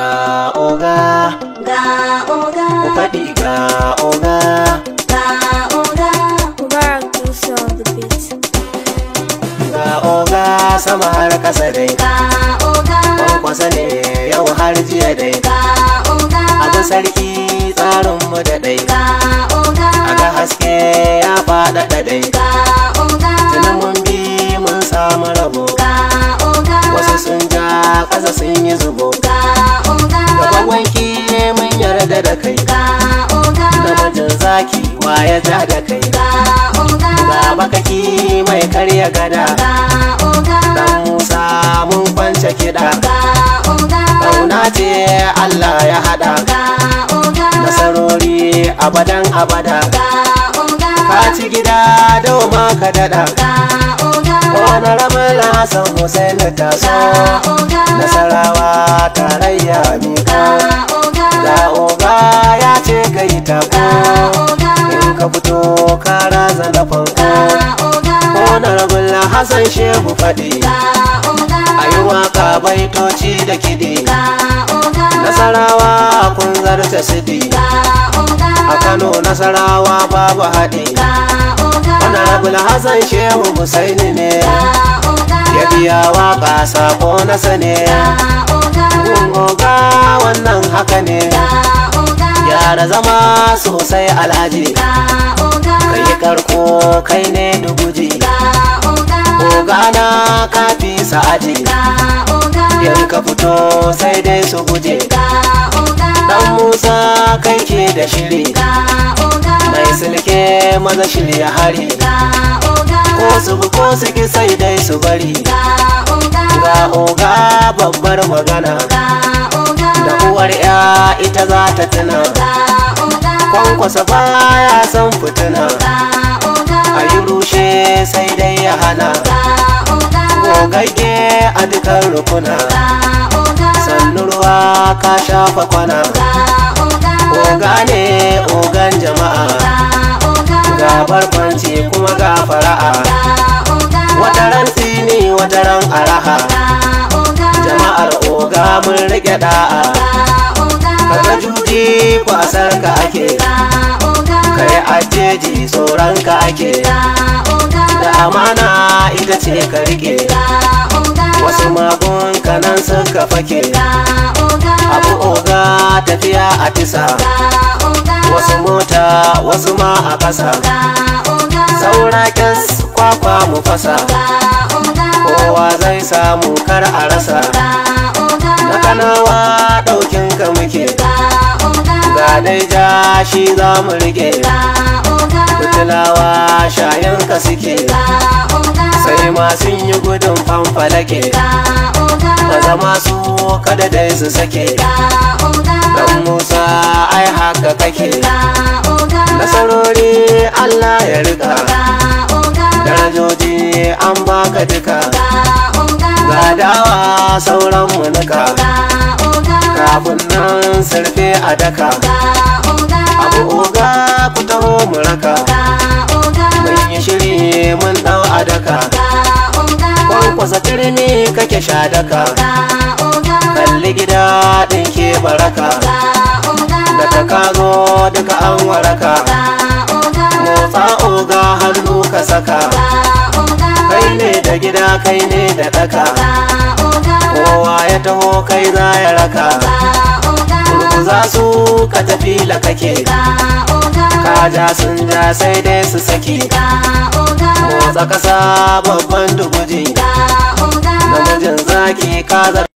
ga oga ga oga ku faɗi ga oga ga oga barak to show the beat ga oga sama har kasa dai ga oga kwasa ne yau har jiya dai ga oga a ga sarki tsarin mu da dai ga oga a ga haske ya da dai ga oga tunan mun bi mun samu rabo ga oga wasu sun ja ƙasa sun yi zubo ga zaki ya za da kai ga oga ga mai karya gada ga dan musa mun kwance kiɗa ga ce Allah ya haɗa. nasarori abadan abada ga ka ci gida doma ka daɗa. ga oga wani rabin Musa, Hussein ta so nasarawa tarayya mika ka fito ka raza na ko na Hassan Shehu faɗi A yi waka baitoci da kidi Nasarawa kun zarta sidi A Kano Nasarawa babu haɗi Onar gulla Hassan Shehu Husaini ne Ya biya waka sako na sane wannan haka ne gyara zama sosai alhaji kai karko kai ne oga ogana ka fi sa'aji yan ka fito sai dai su guje dan musa kai ke da shiri mai silke maza shirya hari ko su ko su ki sai dai su bari ga oga babbar magana ita za ta tuna kwankwasa baya san fituna a yi rushe sai dai ya hana gogagge a dukan rukuna sannu ruwa ka shafa kwana oga ne ogan jama'a ga barkwanci kuma ga fara'a wataran sini wataran araha jama'ar oga mun rike da'a kada juji kwasar ka ake kai ajeji tsoron ka ake da amana ita ce ka rike wasu magun kanan ka fake abu oga tafiya a tisa wasu mota wasu ma a kasa saura kyas kwakwa mu fasa kowa zai samu kar a rasa na kanawa ɗaukin ka muke ga dai ja shi za mu rike kutilawa shayen ka suke sai ma sun yi gudun fanfalake maza masu kada dai su sake dan musa ai haka kake nasarori allah ya rika darajoji an baka duka dawa sauran mu nika kafin nan sarfe a daka abu oga ku taho mu raka mun yi shiri mun dau a daka kwankwasa turmi kake sha daka kalli gida ɗin ke baraka da ta kago duka an waraka motsa oga hannu ka saka ta gida kai ne da daka kowa ya taho kai za ya raka za su ka tafi la kake ka ja sun ja sai dai su saki motsa kasa babban duguji namijin zaki ka